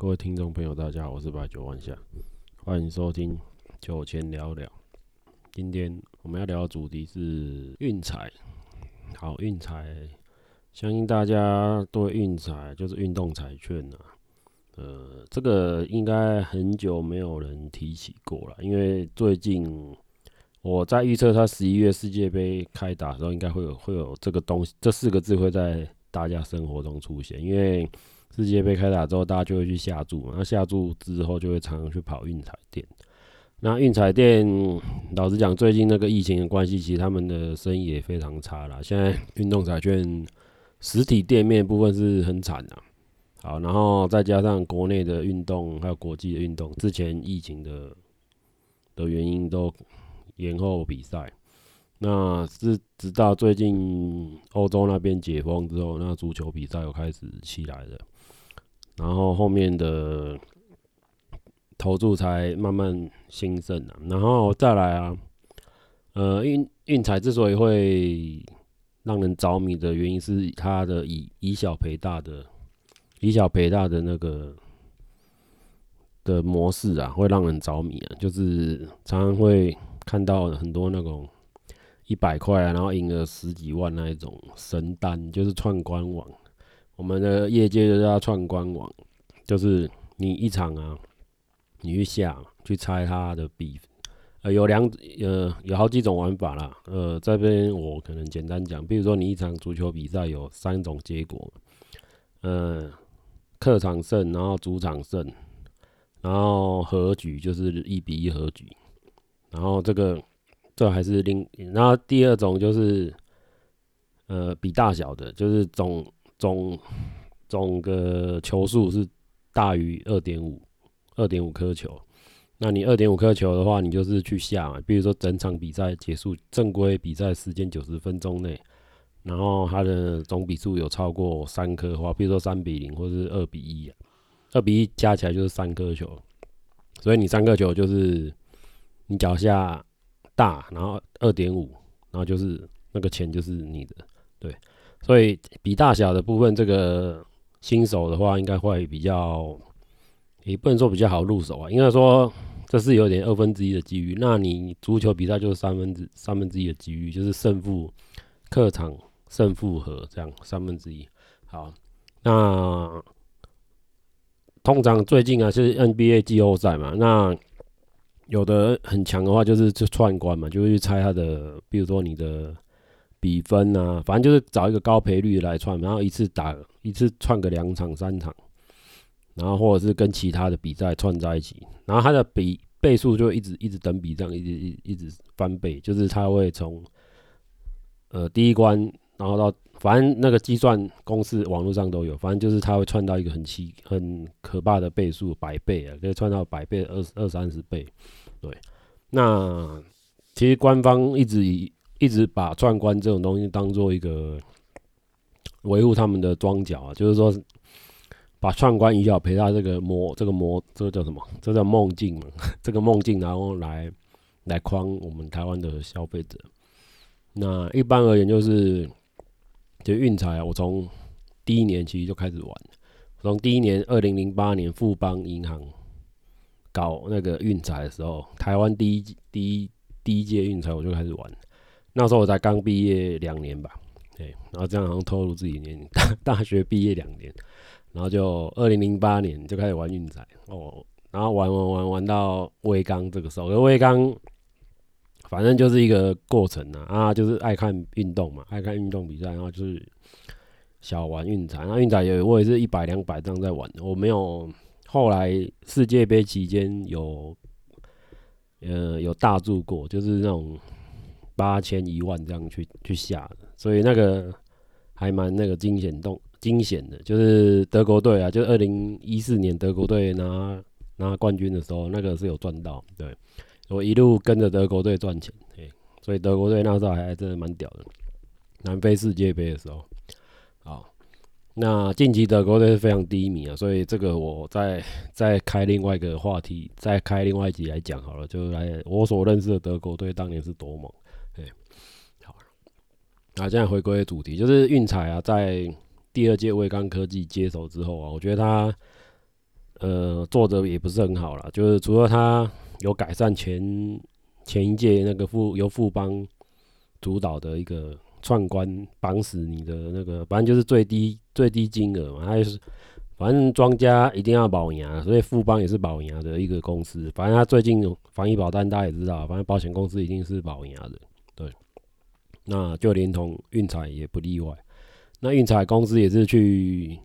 各位聽眾朋友，大家好，我是白酒萬夏，歡迎收聽酒前聊聊。今天我們要聊的主題是運彩。好，運彩，相信大家對運彩就是運動彩券呢、啊，呃，這個應該很久沒有人提起過了，因為最近我在預測，他十一月世界杯開打的時候，應該會有會有這個東西，這四個字會在大家生活中出現，因為。世界杯開打之後，大家就會去下注嘛。那、啊、下注之後，就會常常去跑運彩店。那運彩店，老實講，最近那個疫情的關係，其實他們的生意也非常差啦，現在運動彩券實體店面部分是很慘的、啊。好，然後再加上國內的運動還有國際的運動，之前疫情的的原因都延後比賽。那是直到最近歐洲那邊解封之後，那足球比賽又開始起來了，然後後面的投注才慢慢興盛的啊。然後再來啊，呃，運運彩之所以會讓人着迷的原因是它的以以小賠大的，以小賠大的那個的模式啊，會讓人着迷啊，就是常常會看到很多那種。一百塊啊，然後贏了十幾萬那一種神單，就是串關網。我們的業界就叫它串關網，就是你一場啊，你去下去猜它的比。呃，有兩呃有好幾種玩法啦。呃，這邊我可能簡單講，比如說你一場足球比賽有三種結果，呃，客場勝，然後主場勝，然後和局就是一比一和局，然後這個。這還是零，然後第二種就是，呃，比大小的，就是總總總個球數是大於二點五，二點五顆球。那你二點五顆球的話，你就是去下嘛，比如說整場比賽結束，正規比賽時間九十分鐘內，然後它的總比數有超過三顆的話，比如說三比零或者是二比一啊，二比一加起來就是三顆球，所以你三顆球就是你腳下。大，然後二點五，然後就是那個錢就是你的，對，所以比大小的部分，這個新手的話應該會比較，也、欸、不能說比較好入手啊，應該說這是有點二分之一的機率。那你足球比賽就是三分之三分之一的機率，就是勝負、客場勝負和這樣三分之一。好，那通常最近啊是 NBA 季後賽嘛，那。有的很強的話，就是去串關嘛，就會去猜他的，比如說你的比分啊，反正就是找一個高賠率來串，然後一次打一次串個兩場三場，然後或者是跟其他的比賽串在一起，然後它的比倍數就一直一直等比這樣，一直一直一直翻倍，就是它會從呃第一關，然後到。反正那個計算公式網絡上都有，反正就是它會竄到一個很奇、很可怕的倍數，百倍啊，可以竄到百倍，二二三十倍。對，那其實官方一直以一直把串關這種東西當做一個維護他們的樁腳啊，就是說把串關一下，陪他這個魔，這個魔，這個叫什麼？這叫夢境嘛，這個夢境，然後來來框我們台灣的消費者。那一般而言就是。就運彩我從第一年其實就開始玩，從第一年二零零八年富邦銀行搞那個運彩的時候，台灣第一第一第一屆運彩我就開始玩，那時候我才剛畢業兩年吧，哎，然後這樣好像透露自己年大大學畢業兩年，然後就二零零八年就開始玩運彩哦，然後玩玩玩玩到威剛這個時候，因為威剛。反正就是一個過程啊，啊，就是愛看運動嘛，愛看運動比賽，然後就是小玩運彩，那運彩也，我也是一百兩百這樣在玩，我沒有後來世界杯期間有，呃，有大注過，就是那種八千一萬這樣去去下的，所以那個還蠻那個驚險動驚險的，就是德國隊啊，就二零一四年德國隊拿拿冠軍的時候，那個是有賺到，對。我一路跟着德國隊賺錢，哎，所以德國隊那時候還，還真的蠻屌的。南非世界杯的時候，好，那近期德國隊是非常低迷啊，所以這個我再再開另外一個話題，再開另外一集來講好了，就來我所認識的德國隊當年是多猛，哎，好，那現在回歸主題，就是運彩啊，在第二屆威剛科技接手之後啊，我覺得他呃做的也不是很好了，就是除了他。有改善，前前一屆那個富由富邦主導的一個串關綁死你的那個，反正就是最低最低金額嘛，它就是反正莊家一定要保贏，所以富邦也是保贏的一個公司。反正他最近有防疫保單，大家也知道，反正保險公司一定是保贏的，對。那就連同運彩也不例外。那運彩公司也是去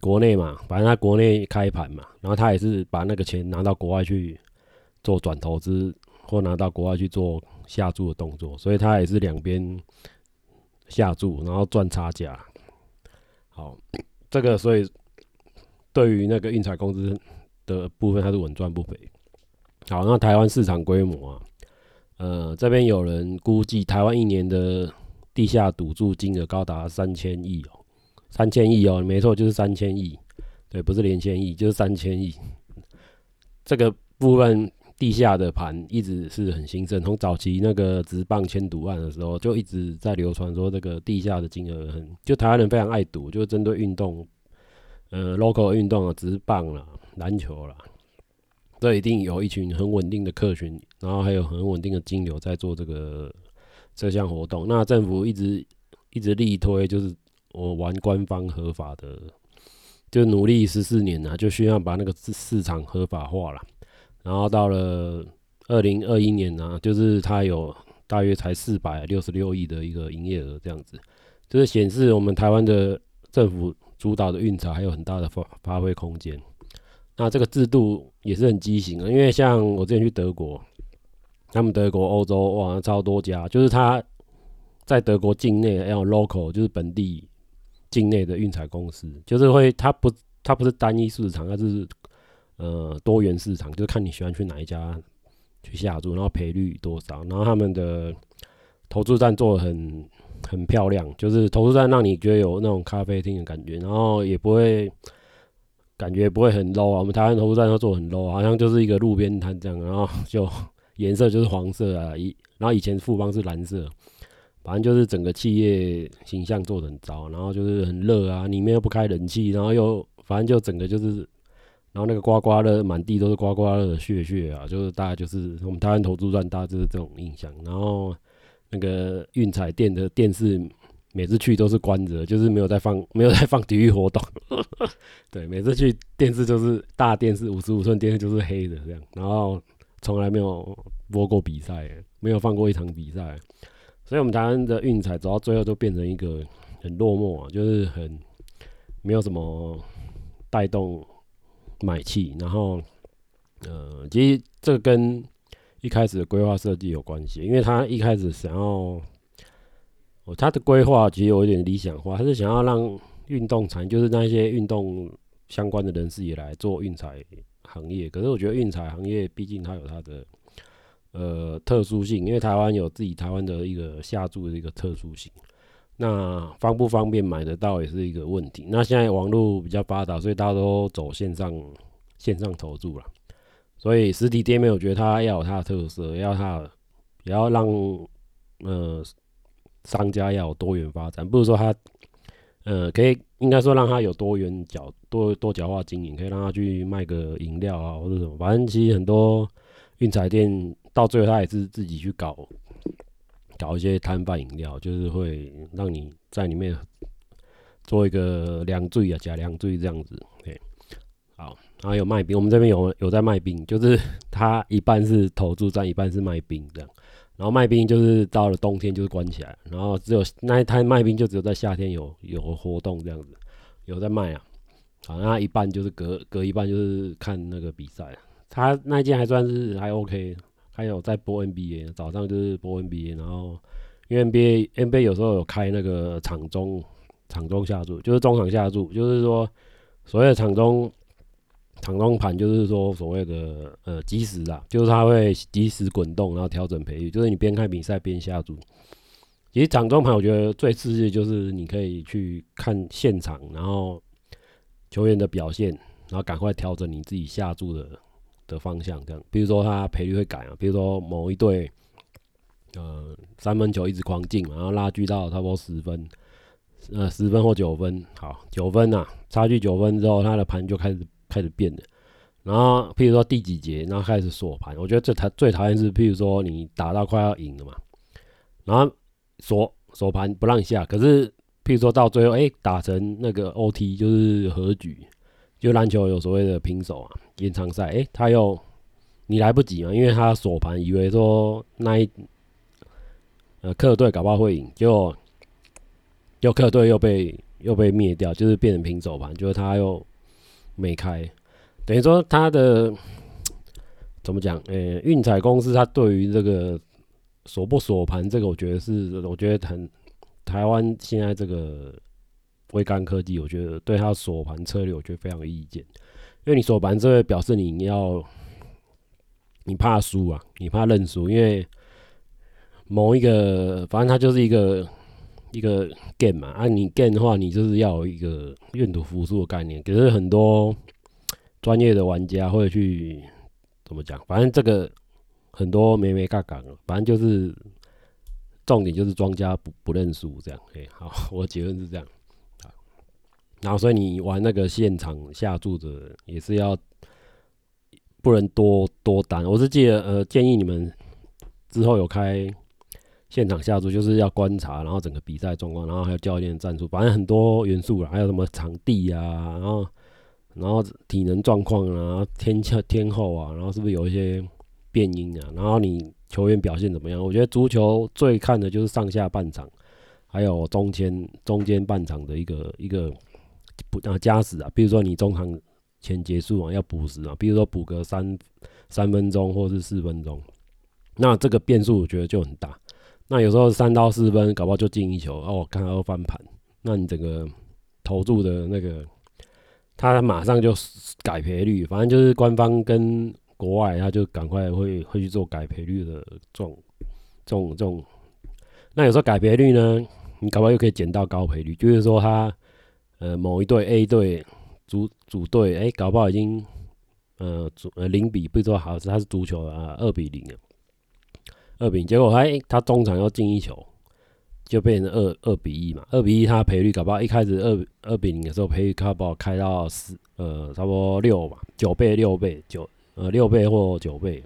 國內嘛，反正他國內開盤嘛，然後他也是把那個錢拿到國外去。做轉投資或拿到國外去做下注的動作，所以他也是兩邊下注，然後賺差價。好，這個所以對於那個運彩公司的部分，它是穩賺不賠。好，那台灣市場規模啊，呃，這邊有人估計台灣一年的地下賭注金額高達三千億哦，三千億哦，沒錯，就是三千億，對，不是連千億就是三千億，這個部分。地下的盤一直是很興盛，從早期那個職棒簽賭案的時候，就一直在流傳說這個地下的金額很，就台灣人非常愛賭，就針對運動，呃，local 運動啊，職棒啦、籃球啦，都一定有一群很穩定的客群，然後還有很穩定的金流在做這個這項活動。那政府一直一直力推，就是我玩官方合法的，就努力十四年吶、啊，就需要把那個市市場合法化了。然後到了二零二一年呢、啊，就是它有大約才四百六十六億的一個營業額這樣子，就是顯示我們台灣的政府主導的運彩還有很大的發發揮空間。那這個制度也是很畸形啊，因為像我之前去德國，他們德國歐洲哇超多家，就是他在德國境內還有 local 就是本地境內的運彩公司，就是會它不它不是單一市場，他它是。呃，多元市場就是看你喜歡去哪一家去下注，然後賠率多少，然後他們的投注站做的很很漂亮，就是投注站讓你覺得有那種咖啡廳的感覺，然後也不會感覺不會很 low 啊。我們台灣投注站都做得很 low 啊，好像就是一個路邊攤這樣，然後就顏色就是黃色啊，以然後以前富邦是藍色，反正就是整個企業形象做的很糟，然後就是很熱啊，裡面又不開冷氣，然後又反正就整個就是。然後那個刮刮樂，滿地都是刮刮樂的屑屑啊！就是大概就是我們台灣投注站大致是這種印象。然後那個運彩店的電視，每次去都是關着，就是沒有在放，沒有在放體育活動。 對，每次去電視就是大電視，五十五寸電視就是黑的這樣。然後從來沒有播過比賽，沒有放過一場比賽，所以我們台灣的運彩走到最後就變成一個很落寞啊，就是很沒有什麼帶動。買氣，然後，呃，其實這跟一開始的規劃設計有關係，因為他一開始想要，哦，他的規劃其實有一點理想化，他是想要讓運動產就是那些運動相關的人士也來做運彩行業，可是我覺得運彩行業畢竟它有它的，呃，特殊性，因為台灣有自己台灣的一個下注的一個特殊性。那方不方便買得到也是一個問題。那現在網絡比較發達，所以大家都走線上線上投注了。所以實體店面，我覺得它要有它的特色，要它也要讓呃商家要有多元發展，不是說它呃可以應該說讓它有多元角多多角化經營，可以讓它去賣個飲料啊或者什麼。反正其實很多運彩店到最後它也是自己去搞。搞一些攤販飲料，就是會讓你在裡面做一個涼醉啊，假涼醉這樣子。對、OK，好，然後有賣冰，我們這邊有有在賣冰，就是他一半是投注站，一半是賣冰這樣。然後賣冰就是到了冬天就是關起來，然後只有那一攤賣冰就只有在夏天有有活動這樣子，有在賣啊。好，那一半就是隔隔一半就是看那個比賽、啊，他那一間還算是還 OK。還有在播 NBA，早上就是播 NBA，然後因為 NBA，NBA 有時候有開那個場中場中下注，就是中場下注，就是說所謂的場中場中盤，就是說所謂的呃即時啦，就是它會即時滾動，然後調整賠率，就是你邊看比賽邊下注。其實場中盤我覺得最刺激就是你可以去看現場，然後球員的表現，然後趕快調整你自己下注的。的方向這樣，比如說它賠率會改啊，比如說某一隊，嗯、呃，三分球一直狂進，然後拉鋸到差不多十分，呃，十分或九分，好，九分啊，差距九分之後，它的盤就開始開始變了，然後譬如說第幾節，然後開始鎖盤，我覺得最討最討厭是，譬如說你打到快要贏了嘛，然後鎖鎖盤不讓一下，可是譬如說到最後，哎、欸，打成那個 OT 就是和局。就籃球有所謂的平手啊，延長賽，哎、欸，他又你來不及嘛，因為他鎖盤，以為說那一、呃、客隊搞不好會贏，結果又客隊又被又被滅掉，就是變成平手盤，就是他又沒開，等於說他的怎麼講？呃、欸，運彩公司他對於這個鎖不鎖盤這個我覺得是，我覺得是我覺得台台灣現在這個。威剛科技，我覺得對他的鎖盤策略，我覺得非常有意見。因為你鎖盤，這表示你要你怕輸啊，你怕認輸。因為某一個，反正他就是一個一個 game 嘛、啊。按你 game 的話，你就是要有一個願賭服輸的概念。可是很多專業的玩家會去怎麼講？反正這個很多沒沒槓槓了。反正就是重點就是莊家不不認輸這樣。哎，好，我的結論是這樣。然後，所以你玩那個現場下注者也是要不能多多單。我是記得，呃，建議你們之後有開現場下注，就是要觀察，然後整個比賽狀況，然後還有教練的戰術，反正很多元素啦，還有什麼場地啊，然後然後體能狀況啊，天氣天候啊，然後是不是有一些變因啊，然後你球員表現怎麼樣？我覺得足球最看的就是上下半場，還有中間中間半場的一個一個。補啊加時啊，比如說你中場前結束啊，要補時啊，比如說補個三三分鐘或是四分鐘，那這個變數我覺得就很大。那有時候三到四分，搞不好就進一球哦，看到要翻盤，那你整個投注的那個，他馬上就改賠率，反正就是官方跟國外他就趕快會會去做改賠率的這種這種這種。那有時候改賠率呢，你搞不好又可以撿到高賠率，就是說他。呃，某一隊 A 隊主主隊，哎，搞不好已經呃主呃零比，不知道好是他是足球啊，二比零啊，二比結果他哎、欸、他中場要進一球，就變成二二比一嘛，二比一，他的賠率搞不好一開始二二比零的時候賠率搞不好開到四呃差不多六嘛，九倍六倍九呃六倍或九倍。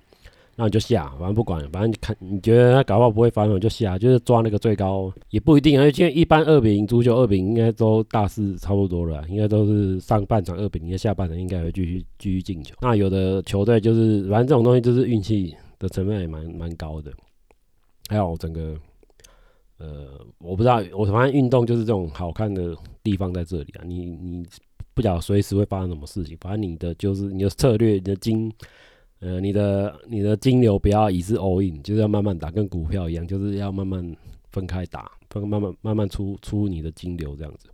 那你就下，反正不管了，反正看你覺得他搞不好不會翻，我就下，就是抓那個最高也不一定而、啊、因為一般二比零足球二比零應該都大四差不多了，啊，應該都是上半場二比零，下半場應該會繼續繼續進球。那有的球隊就是，反正這種東西就是運氣的成分也蠻蠻高的。還有整個，呃，我不知道，我反正運動就是這種好看的地方在這裡啊。你你不曉得隨時會發生什麼事情，反正你的就是你的策略你的精。呃，你的你的金流不要一次 all in，就是要慢慢打，跟股票一樣，就是要慢慢分開打，分慢慢慢慢出出你的金流這樣子，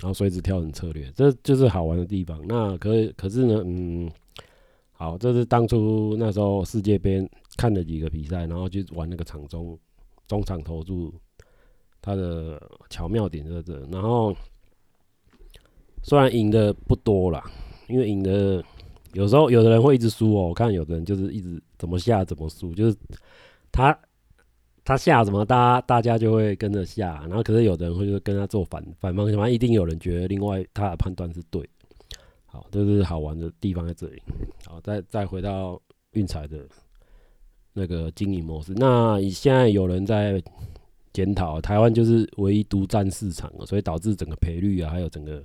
然後隨時調整策略，這就是好玩的地方。那可可是呢，嗯，好，這是當初那時候世界盃看了幾個比賽，然後就玩那個場中中場投注，它的巧妙點在這，然後雖然贏的不多啦，因為贏的。有時候有的人會一直輸哦、喔，我看有的人就是一直怎麼下怎麼輸，就是他他下什麼，大家大家就會跟着下、啊，然後可是有的人會就跟他做反反方向，反正一定有人覺得另外他的判斷是對，好，這是好玩的地方在這裡。好，再再回到運彩的那個經營模式，那以現在有人在檢討，台灣就是唯一獨占市場、喔，所以導致整個賠率啊，還有整個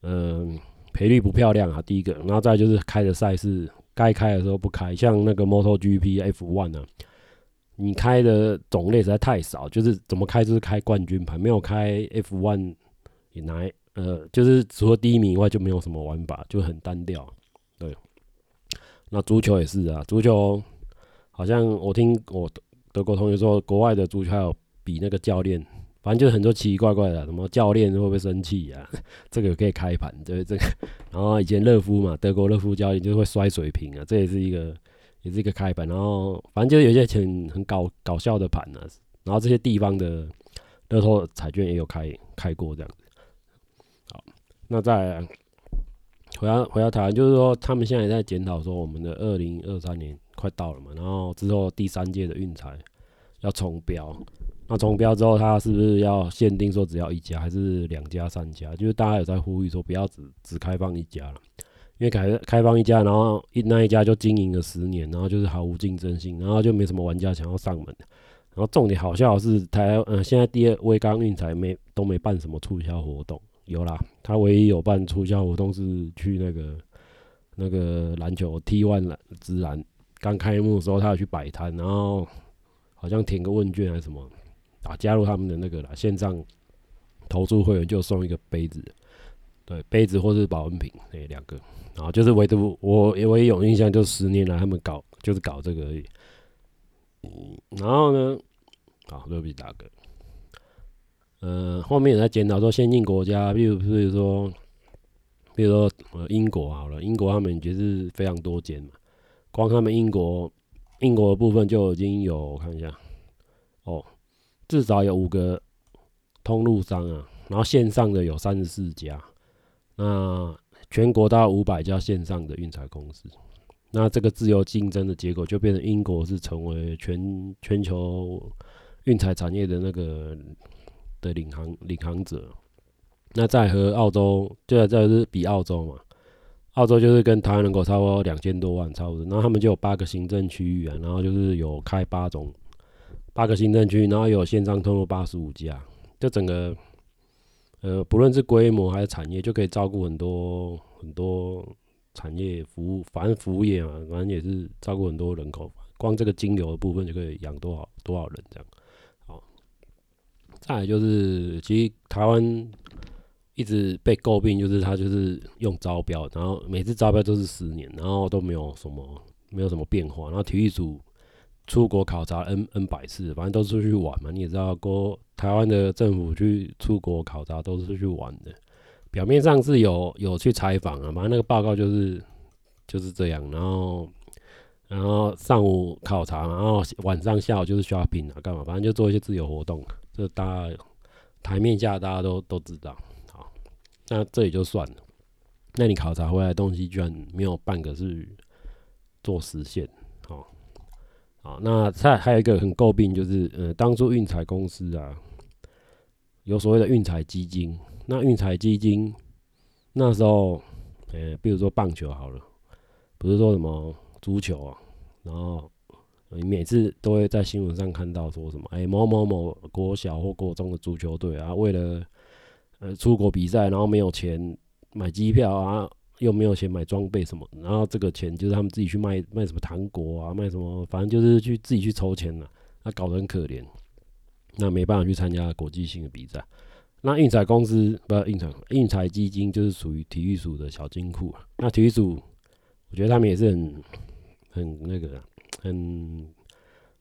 嗯。賠率不漂亮啊，第一個，然後再就是開的賽事該開的時候不開，像那個 Moto GP F1 呢、啊，你開的種類實在太少，就是怎麼開就是開冠軍盤，沒有開 F1 也來，呃，就是除了第一名以外就沒有什麼玩法，就很單調。對，那足球也是啊，足球好像我聽我德國同學說，國外的足球還有比那個教練。反正就很多奇奇怪怪的，啊，什麼教練會不會生氣呀，啊？ 這個可以開盤，就是這個。然後以前勒夫嘛，德國勒夫教練就會摔水瓶啊，這也是一個，也是一個開盤。然後反正就是有些挺很搞搞笑的盤呢，啊。然後這些地方的樂透彩券也有開開過這樣子。好，那再來回到回到台灣，就是說他們現在也在檢討說，我們的二零二三年快到了嘛，然後之後第三屆的運彩要重標。那、啊、重標之後，他是不是要限定說只要一家，還是兩家、三家？就是大家有在呼籲說不要只只開放一家了，因為開開放一家，然後一那一家就經營了十年，然後就是毫無競爭性，然後就沒什麼玩家想要上門。然後重點好像是台嗯、呃，現在第二威剛運彩沒都沒辦什麼促銷活動，有啦，他唯一有辦促銷活動是去那個那個籃球 T1 職籃剛開幕的時候，他有去擺攤，然後好像填個問卷還是什麼。啊！加入他們的那個啦，線上投注會員就送一個杯子，對，杯子或是保溫瓶那兩個。然後就是唯獨我我也有印象，就是十年來他們搞就是搞這個而已。嗯，然後呢，好、啊，對不起大哥。嗯、呃，後面有在檢討說，先進國家，比如比如說，比如說呃英國好了，英國他們就是非常多間嘛。光他們英國英國的部分就已經有，我看一下，哦。至少有五個通路商啊，然後線上的有三十四家，那全國大概五百家線上的運彩公司，那這個自由競爭的結果就變成英國是成為全全球運彩產業的那個的領航領航者。那再和澳洲就在這是比澳洲嘛，澳洲就是跟台灣人口差不多兩千多萬差不多，然後他們就有八個行政區域啊，然後就是有開八種。八個行政區，然後有線上通路八十五家，就整個，呃，不論是規模還是產業，就可以照顧很多很多產業服務，反正服務業嘛，反正也是照顧很多人口。光這個金流的部分就可以養多少多少人這樣。哦，再來就是，其實台灣一直被詬病，就是他就是用招標，然後每次招標都是十年，然後都沒有什麼，沒有什麼變化。然後體育組。出國考察 N N 百次，反正都出去玩嘛。你也知道，國台灣的政府去出國考察都是去玩的。表面上是有有去採訪啊，反正那個報告就是就是這樣。然後然後上午考察，然後晚上、下午就是 shopping 啊，幹嘛？反正就做一些自由活動。這大家台面下大家都都知道。好，那這也就算了。那你考察回來的東西居然沒有半個是做實現，好。好，那再還有一個很詬病，就是，呃，當初運彩公司啊，有所謂的運彩基金。那運彩基金那時候，呃、欸，比如說棒球好了，不是說什麼足球啊，然後你、呃、每次都會在新聞上看到說什麼，哎、欸，某某某國小或國中的足球隊啊，為了呃出國比賽，然後沒有錢買機票啊。又沒有錢買裝備什麼，然後這個錢就是他們自己去賣賣什麼糖果啊，賣什麼，反正就是去自己去籌錢了。那搞得很可憐，那沒辦法去參加國際性的比賽。那運彩公司不，運彩運彩基金就是屬於體育署的小金庫啊。那體育署，我覺得他們也是很很那個，很，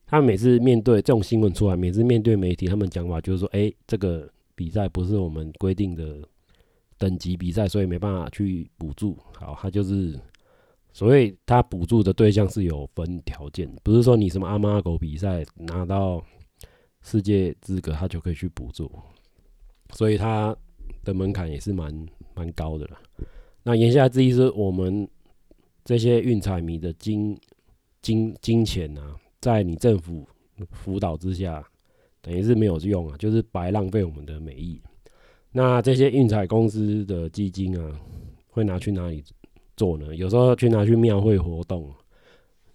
他們每次面對這種新聞出來，每次面對媒體，他們講法就是說，哎，這個比賽不是我們規定的。等級比賽，所以沒辦法去補助。好，他就是，所以他補助的對象是有分條件，不是說你什麼阿貓阿狗比賽拿到世界資格，他就可以去補助。所以他的門檻也是蠻蠻高的啦。那言下之意是，我們這些運彩迷的金金金錢啊，在你政府輔導之下，等於是沒有用啊，就是白浪費我們的美意。那這些運彩公司的基金啊，會拿去哪裡做呢？有時候去拿去廟會活動。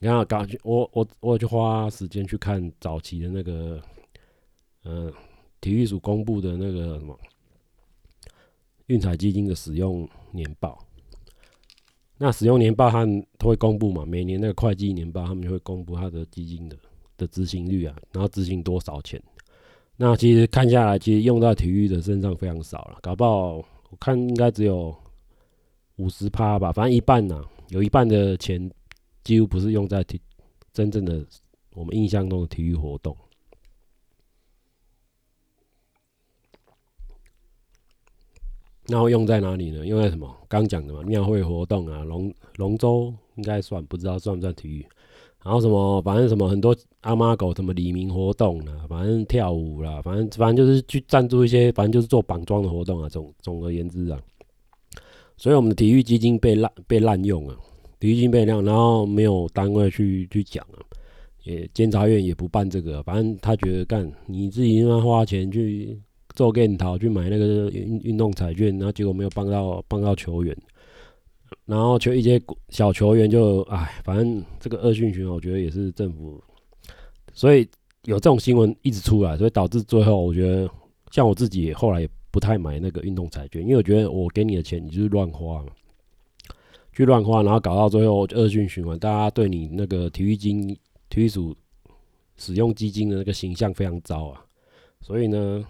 然後，剛我我我就花時間去看早期的那個，嗯、呃，體育署公布的那個什麼運彩基金的使用年報。那使用年報它都會公布嘛，每年那個會計年報，他們就會公布他的基金的的執行率啊，然後執行多少錢。那其實看下來，其實用在體育的身上非常少了，搞不好我看應該只有五十趴吧，反正一半呢，啊，有一半的錢幾乎不是用在體真正的我們印象中的體育活動。然後用在哪裡呢？用在什麼？剛講的嘛，廟會活動啊，龍龍舟應該算，不知道算不算體育。然後什麼，反正什麼很多阿貓阿狗，什麼黎明活動啦、啊，反正跳舞啦、啊，反正反正就是去贊助一些，反正就是做綁樁的活動啊。總總而言之啊，所以我們的體育基金被濫被濫用啊，體育基金被濫用，然後沒有單位去去講啊，也監察院也不辦這個、啊，反正他覺得幹你自己應該花錢去做電討去買那個運運動彩券，然後結果沒有幫到幫到球員。然後就一些小球員就哎，反正這個惡性循環，我覺得也是政府，所以有這種新聞一直出來，所以導致最後我覺得像我自己後來也不太買那個運動彩券，因為我覺得我給你的錢你就是亂花嘛，去亂花，然後搞到最後惡性循環，大家對你那個體育金，體育署使用基金的那個形象非常糟啊，所以呢。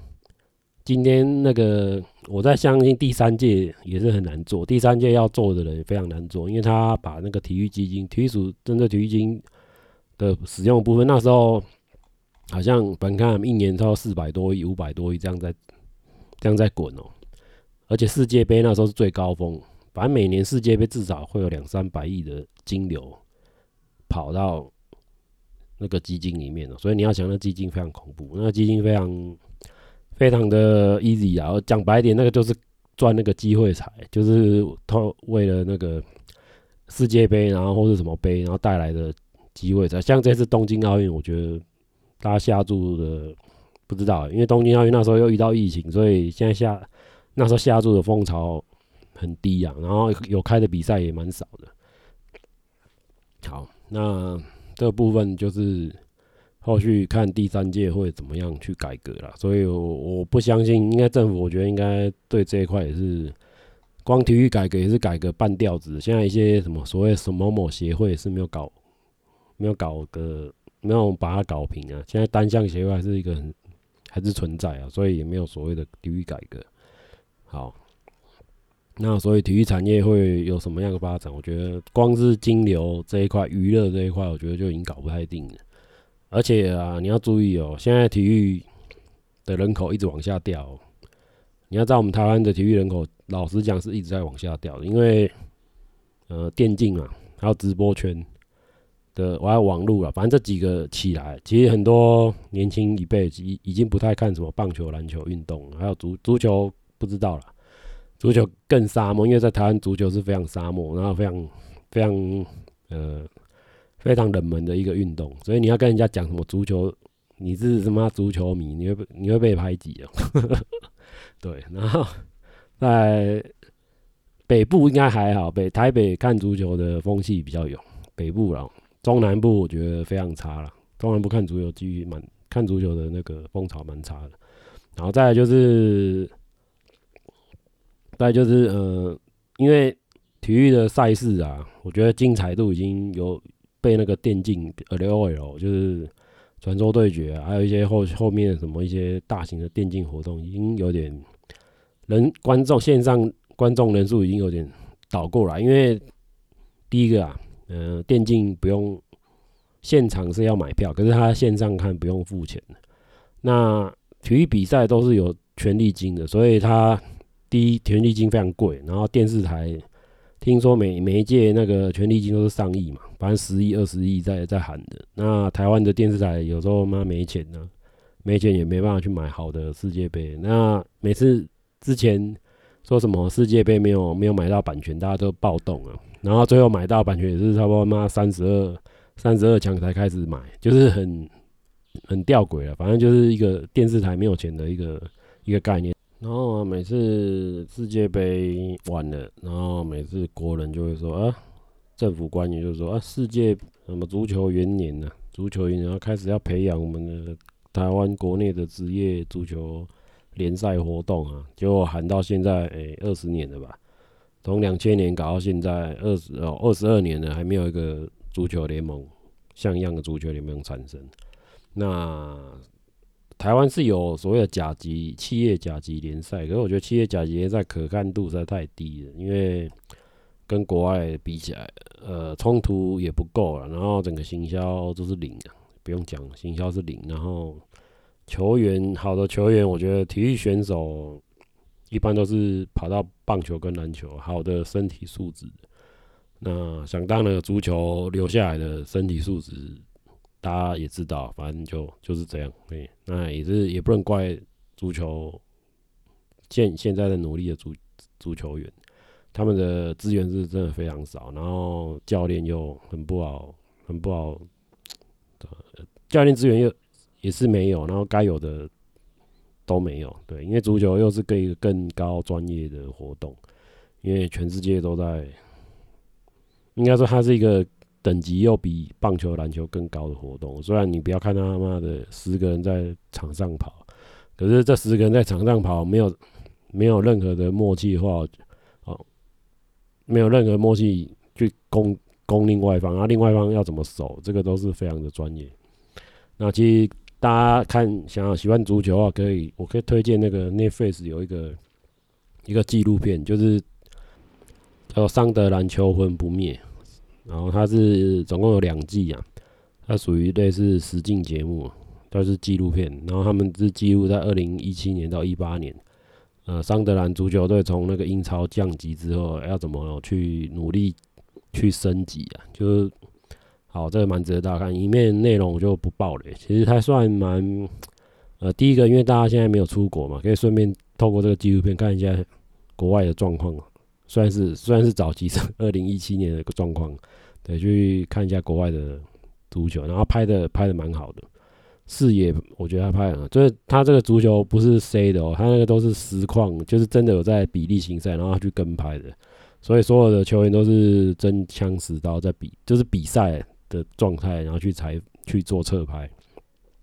今天那個我在相信第三屆也是很難做，第三屆要做的人也非常難做，因為他把那個體育基金、體育署整個體育基金的使用的部分，那時候好像反正看一年超四百多億、五百多億這樣在這樣在滾哦，而且世界杯那時候是最高峰，反正每年世界杯至少會有兩三百億的金流跑到那個基金裡面哦、喔，所以你要想那基金非常恐怖，那基金非常。非常的 easy 啊，我講白一點，那個就是賺那個機會財，就是他為了那個世界杯，然後或是什麼杯，然後帶來的機會財。像這次東京奧運，我覺得大家下注的不知道欸，因為東京奧運那時候又遇到疫情，所以現在下那時候下注的風潮很低呀、啊。然後有開的比賽也蠻少的。好，那這部分就是。後續看第三屆會怎麼樣去改革啦，所以，我我不相信，應該政府，我覺得應該對這一塊也是，光體育改革也是改革半調子。現在一些什麼所謂什麼某協會也是沒有搞，沒有搞的，沒有把它搞平啊。現在單項協會還是一個很，還是存在啊，所以也沒有所謂的體育改革。好，那所以體育產業會有什麼樣的發展？我覺得光是金流這一塊，娛樂這一塊，我覺得就已經搞不太定了。而且啊，你要注意哦，現在體育的人口一直往下掉哦，你要知道，我們台灣的體育人口，老實講是一直在往下掉的，因為呃，電競啊，還有直播圈的，我還有網絡了，反正這幾個起來，其實很多年輕一輩已已經不太看什麼棒球、籃球運動，還有足足球，不知道了。足球更沙漠，因為在台灣足球是非常沙漠，然後非常非常呃。非常冷門的一個運動，所以你要跟人家講什麼足球，你是什麼足球迷，你會你會被排擠哦。 對，然後在北部應該還好，北台北看足球的風氣比較有。北部啦，中南部我覺得非常差啦，中南部看足球機遇蠻，看足球的那個風潮蠻差的。然後再就是，再就是呃，因為體育的賽事啊，我覺得精彩度已經有。被那個電競 LOL 就是傳說對決，啊，還有一些後後面的什麼一些大型的電競活動，已經有點人觀眾線上觀眾人數已經有點倒過來。因為第一個啊，嗯，電競不用現場是要買票，可是他線上看不用付錢的。那體育比賽都是有權利金的，所以他第一權利金非常貴，然後電視台。聽說每每一屆那個權利金都是上億嘛，反正十億二十億在在喊的。那台灣的電視台有時候嘛沒錢呢、啊，沒錢也沒辦法去買好的世界杯。那每次之前說什麼世界杯沒有沒有買到版權，大家都暴動了、啊。然後最後買到版權也是差不多嘛三十二三十二強才開始買，就是很很吊詭了。反正就是一個電視台沒有錢的一個一個概念。然後、啊、每次世界盃完了，然後每次國人就會說啊，政府官員就說啊，世界什麼足球元年呢、啊？足球元年、啊，然後開始要培養我們的台灣國內的職業足球聯賽活動啊，結果喊到現在哎、二十年了吧？從兩千年搞到現在二十哦二十二年了，還沒有一個足球聯盟像樣的足球聯盟產生，那。台灣是有所謂的甲級企業甲級聯賽，可是我覺得企業甲級聯賽可看度實在太低了，因為跟國外比起來，呃，衝突也不夠了，然後整個行銷都是零啊，不用講，行銷是零，然後球員好的球員，我覺得體育選手一般都是跑到棒球跟籃球，好的身體素質，那想當那個足球留下來的身體素質。大家也知道，反正就就是這樣。對，那也是也不能怪足球現現在的努力的足足球員，他們的資源是真的非常少，然後教練又很不好，很不好，呃，教練資源又也是沒有，然後該有的都沒有。對，因為足球又是更一個更高專業的活動，因為全世界都在，應該說它是一個。等級又比棒球、籃球更高的活動，雖然你不要看他媽的十個人在場上跑，可是這十個人在場上跑，沒有沒有任何的默契話，哦，沒有任何默契去攻攻另外一方，然、啊、另外一方要怎麼守，這個都是非常的專業。那其實大家看，想要喜歡足球啊，可以，我可以推薦那個 Netflix 有一個一個紀錄片，就是叫做《桑德蘭球魂不滅》。然後它是總共有兩季啊，它屬於類似實境節目，它是紀錄片。然後他們是記錄在二零一七年到一八年，呃，桑德蘭足球隊從那個英超降級之後，要怎麼去努力去升級啊？就是好，這個蠻值得大家看。裡面內容我就不爆了。其實還算蠻，呃，第一個因為大家現在沒有出國嘛，可以順便透過這個紀錄片看一下國外的狀況。算是算是早期的二零一七年的個狀況。得去看一下國外的足球，然後拍的拍的蠻好的，視野我覺得他拍的很好，就是他這個足球不是 C 的哦，他那個都是實況，就是真的有在比例行賽，然後去跟拍的，所以所有的球員都是真槍實刀在比，就是比賽的狀態，然後去採去做側拍，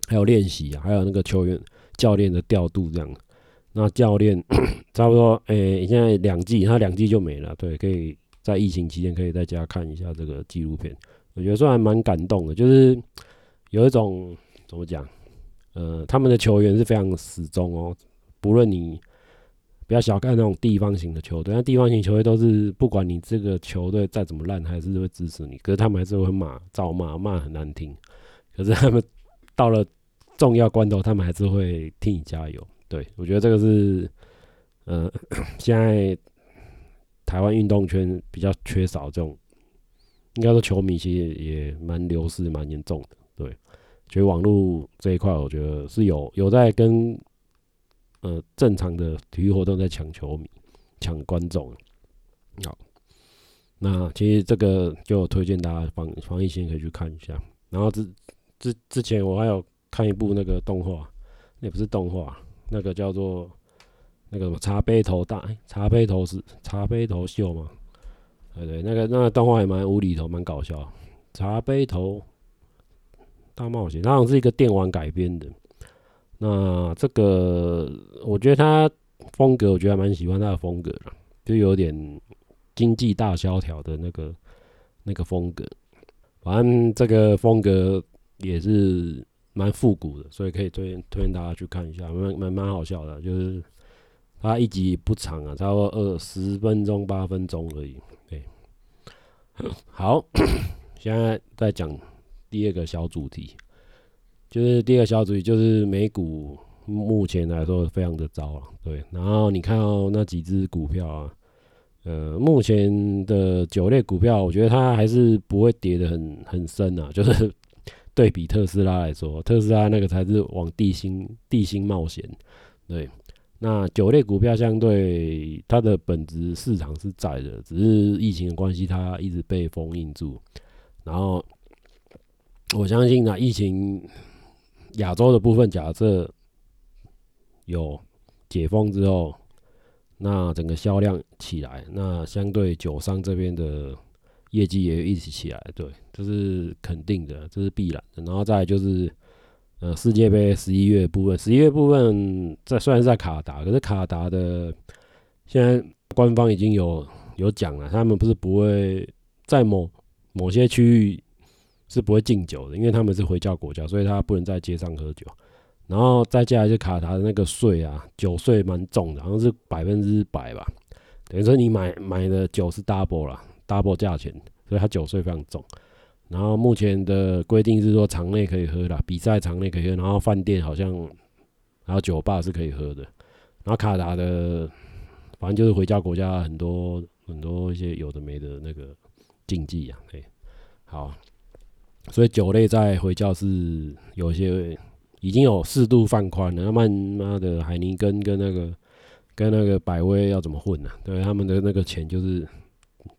還有練習、啊，還有那個球員教練的調度這樣，那教練 差不多你、欸、現在兩季他兩季就沒了，對，可以。在疫情期間，可以在家看一下這個紀錄片，我覺得算還蠻感動的。就是有一種怎麼講，呃，他們的球員是非常死忠哦，不論你不要小看那種地方型的球隊，那地方型球隊都是，不管你這個球隊再怎麼爛，還是會支持你。可是他們還是會罵，照罵，罵很難聽。可是他們到了重要關頭，他們還是會替你加油。對我覺得這個是，呃，現在。台灣運動圈比較缺少這種，應該說球迷，其實也蠻流失、蠻嚴重的。對，所以網絡這一塊，我覺得是有有在跟呃正常的體育活動在搶球迷、搶觀眾。好，那其實這個就推薦大家防防疫新可以去看一下。然後之之之前我還有看一部那個動畫，那不是動畫，那個叫做。那個什麼茶杯頭大，茶杯頭是茶杯頭秀嘛，對對，那個那個動畫也蠻無厘頭，蠻搞笑。茶杯頭大冒險，好像是一個電玩改編的。那這個我覺得他風格，我覺得還蠻喜歡他的風格的，就有點經濟大蕭條的那個那個風格。反正這個風格也是蠻復古的，所以可以推推薦大家去看一下，蠻蠻蠻好笑的，就是。它一集不長啊，差不多二十分鐘、八分鐘而已對。對，好，現在再講第二個小主題，就是第二個小主題就是美股目前來說非常的糟啊。對，然後你看到、喔、那幾只股票啊，呃，目前的酒類股票，我覺得它還是不會跌得很很深啊。就是對比特斯拉來說，特斯拉那個才是往地心地心冒險。對。那酒類股票相對它的本質市場是窄的，只是疫情的關係，它一直被封印住。然後我相信，呢，疫情亞洲的部分，假設有解封之後，那整個銷量起來，那相對酒商這邊的業績也一起起來，對，這是肯定的，這是必然的。然後再來就是。呃，世界盃十一月部分，十一月部分在雖然是在卡達，可是卡達的現在官方已經有有講了，他們不是不會在某某些區域是不會禁酒的，因為他們是回教國家，所以他不能在街上喝酒。然後再加上卡達的那個稅啊，酒稅蠻重的，好像是百分之百吧，等於說你買買的酒是 double 啦，double 價錢，所以他酒稅非常重。然後目前的規定是說，場內可以喝啦，比賽場內可以喝。然後飯店好像，然後酒吧是可以喝的。然後卡達的，反正就是回教國家很多很多一些有的沒的那個禁忌啊，對。好，所以酒類在回教是有些已經有適度放寬了。他們媽，媽的海尼根跟那個跟那個百威要怎麼混呢？啊？對，他們的那個錢就是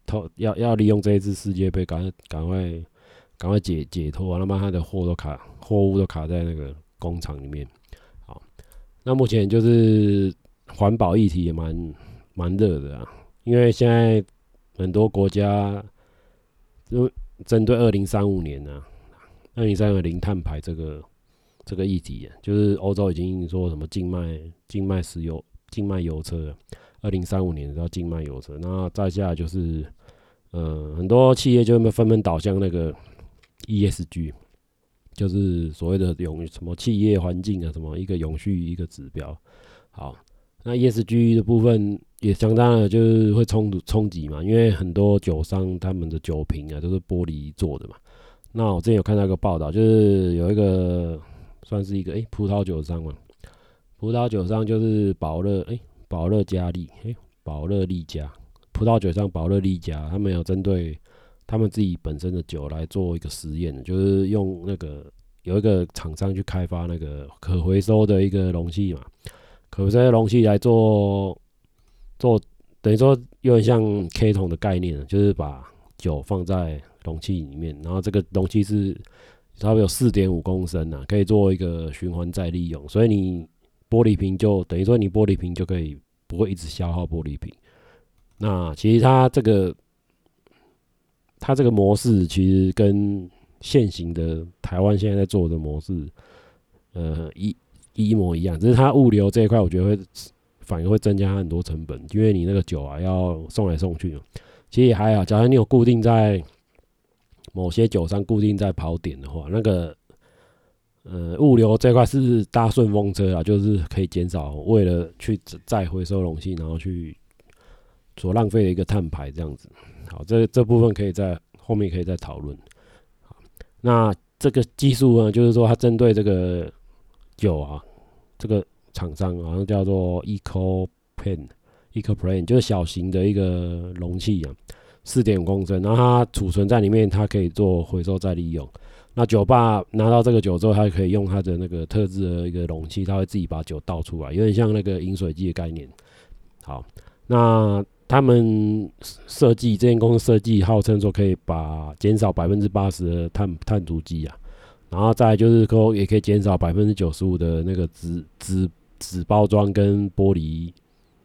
偷要要利用這一次世界杯，趕趕快。趕快解解脫啊！那麼他的貨都卡，貨物都卡在那個工廠裡面。好，那目前就是環保議題也蠻蠻熱的啊，因為現在很多國家就針對二零三五年呢，二零三五零碳排這個這個議題，啊，就是歐洲已經說什麼禁賣禁賣石油，禁賣油車，二零三五年的時候禁賣油車。那再下來就是嗯、呃、很多企業就紛紛倒向那個。ESG 就是所謂的永什麼企業環境啊，什麼一個永續一個指標。好，那 ESG 的部分也相當的，就是會衝突衝擊嘛，因為很多酒商他們的酒瓶啊都是玻璃做的嘛。那我之前有看到一個報道，就是有一個算是一個誒、欸、葡萄酒商嘛，葡萄酒商就是保樂誒，保樂力加誒，保樂力加葡萄酒商保樂力加，他們有針對。他們自己本身的酒來做一個實驗，就是用那個有一個廠商去開發那個可回收的一個容器嘛，可回收的容器來做做，等於說有點像 K 桶的概念，就是把酒放在容器裡面，然後這個容器是差不多有四點五公升吶、啊，可以做一個循環再利用，所以你玻璃瓶就等於說你玻璃瓶就可以不會一直消耗玻璃瓶。那其實它這個。它這個模式其實跟現行的台灣現在在做的模式，呃，一一模一樣。只是它物流這一塊，我覺得會反而會增加很多成本，因為你那個酒啊要送來送去嘛。其實也還好，假如你有固定在某些酒商固定在跑點的話，那個呃物流這塊是搭順風車啊，就是可以減少為了去再回收容器，然後去。所浪費的一個碳排這樣子，好，這這部分可以在後面可以再討論。好，那這個技術呢，就是說它針對這個酒啊，這個廠商好像叫做 ecoPLANT，ecoPLANT 就是小型的一個容器一樣，四點五公升，然後它儲存在裡面，它可以做回收再利用。那酒吧拿到這個酒之後，它可以用它的那個特制的一個容器，它會自己把酒倒出來，有點像那個飲水機的概念。好，那。他們設計這間公司設計號稱說，可以把減少百分之八十的碳碳足跡啊，然後再就是說也可以減少百分之九十五的那個紙紙紙包裝跟玻璃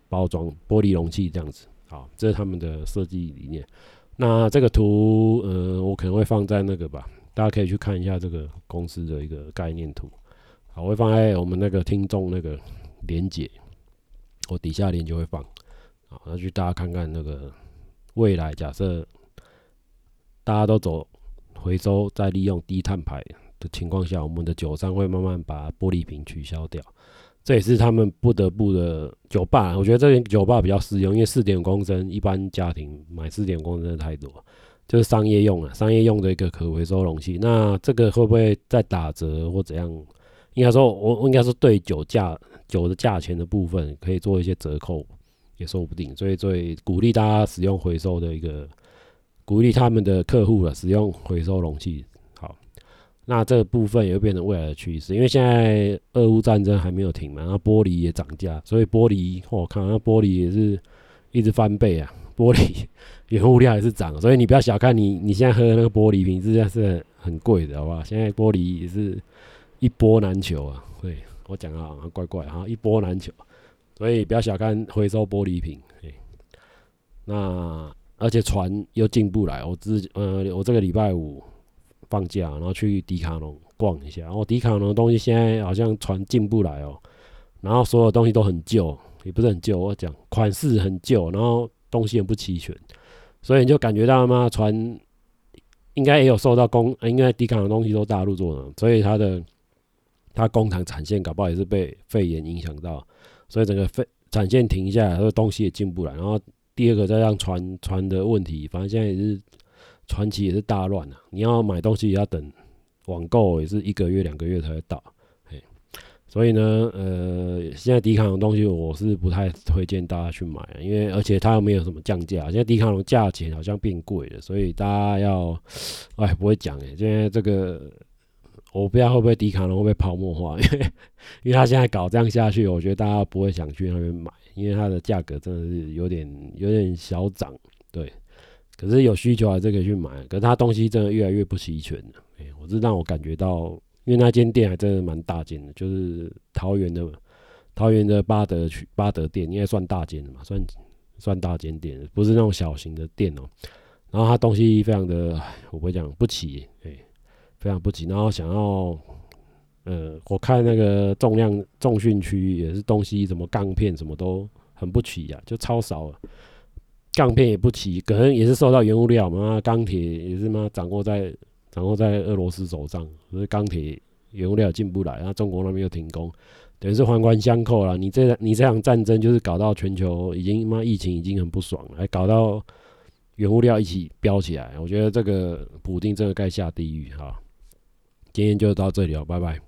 包裝玻璃容器這樣子，好，這是他們的設計理念。那這個圖呃，我可能會放在那個吧，大家可以去看一下這個公司的一個概念圖。好，我會放在我們那個聽眾那個連結，我底下連就會放。好，那去大家看看那個未來，假設大家都走回收再利用低碳排的情況下，我們的酒商會慢慢把玻璃瓶取消掉，這也是他們不得不的。酒吧，我覺得這邊酒吧比較適用，因為四點五公升，一般家庭買四點五公升的太多，就是商業用的、啊。商業用的一個可回收容器，那這個會不會再打折或怎樣？應該說我我應該是對酒價酒的價錢的部分可以做一些折扣。也說不定，所以所以鼓勵大家使用回收的一個，鼓勵他們的客戶啊，使用回收容器。好，那這個部分也會變成未來的趨勢，因為現在俄烏戰爭還沒有停嘛，然後玻璃也漲價，所以玻璃、喔、我看，那玻璃也是一直翻倍啊。玻璃原物料也是漲，所以你不要小看你你現在喝的那個玻璃瓶，真的是很貴的，好吧？現在玻璃也是一波難求啊，對我講啊，怪怪啊，一波難求。所以不要小看回收玻璃瓶。欸、那而且船又進不來。我自呃，我這個禮拜五放假，然後去迪卡儂逛一下。然、哦、後迪卡儂東西現在好像船進不來哦。然後所有東西都很舊，也不是很舊，我講款式很舊，然後東西也不齊全。所以你就感覺到嘛，船應該也有受到供，應、呃、該迪卡儂東西都大陸做的，所以它的它工廠產線搞不好也是被肺炎影響到。所以整個飛產線停下來，然後東西也進不來。然後第二個再讓船運的問題，反正現在也是船期也是大亂了、啊。你要買東西也要等，網購也是一個月兩個月才會到嘿。所以呢，呃，現在迪卡儂東西我是不太推薦大家去買，因為而且它又沒有什麼降價、啊，現在迪卡儂價錢好像變貴了。所以大家要，哎，不會講哎、欸，現在這個。我不知道會不會迪卡儂會不會泡沫化，因 為，因為他現在搞這樣下去，我覺得大家不會想去那邊買，因為它的價格真的是有點有點小漲。對，可是有需求還是可以去買。可是它東西真的越來越不齊全了。哎、欸，我是讓我感覺到，因為那間店還真的蠻大間的，就是桃園的桃園的八德區八德店，應該算大間的嘛，算算大間店，不是那種小型的店哦、喔。然後它東西非常的，我不會講不齊、欸。哎、欸。非常不齊，然後想要，呃，我看那個重量重訓區也是東西，什麼鋼片什麼都很不齊呀、啊，就超少了、啊、鋼片也不齊，可能也是受到原物料嘛，鋼鐵也是嘛掌握在掌握在俄羅斯手上，所以鋼鐵原物料進不來，然、啊、後中國那邊又停工，等於是環環相扣了。你這你這場戰爭就是搞到全球已經嘛疫情已經很不爽了，還搞到原物料一起飆起來，我覺得這個普丁真的該下地獄哈。啊今天就到這裡了，拜拜。